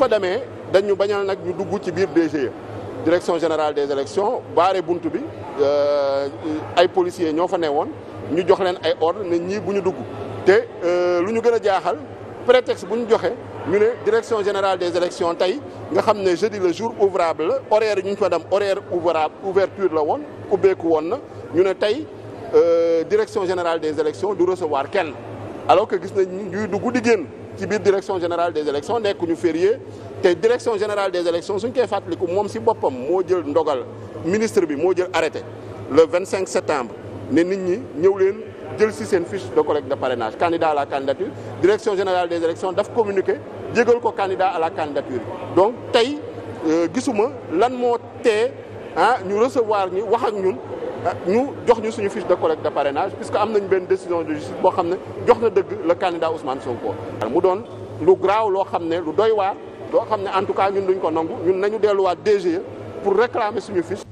fa demee dañu bañal nag ñu dugg ci biir DGE direction générale des élections baare bunt bi euh, ay policiers ñoo fa newoon ñu jox leen ay ordre ne ñii bu ñu dugg te euh, lu ñu gën a jaaxal prétexte bu ñu joxe ñu ne direction générale des élections tey nga xam ne jeudi le jour ouvrable la horaire ñu ñu fa dem horaire ouvrable ouverture la woon ubbeeku woon na ñu ne tey euh, direction générale des élections du recevoir kenn alors que gis nañ ñuy dugg di génn ci biir direction générale des élections nekkuñu férié te direction générale des élections suñ koy fàttaliku moom si boppam moo jël ndogal ministre bi moo jël arrêté le 25 septembre ne nit ñi ñëw leen jël si seen fiche de collecte de parrainage candidat à la candidature direction générale des élections daf communiqué jégal ko candidat à la candidature donc tey euh, gisuma lan moo te ah ñu recevoir ñi wax ak ñun Ah, ñu jox ñu suñu fiche de collecte de parrainage puisque am nañ benn décision de justice boo xam ne jox na dëgg le candidat Ousmane Sonko. mu doon lu graaw loo xam ne lu doy waar loo xam ne en tout cas ñun duñ ko nangu ñun nañu delluwaat DGE pour réclamer suñu fiche.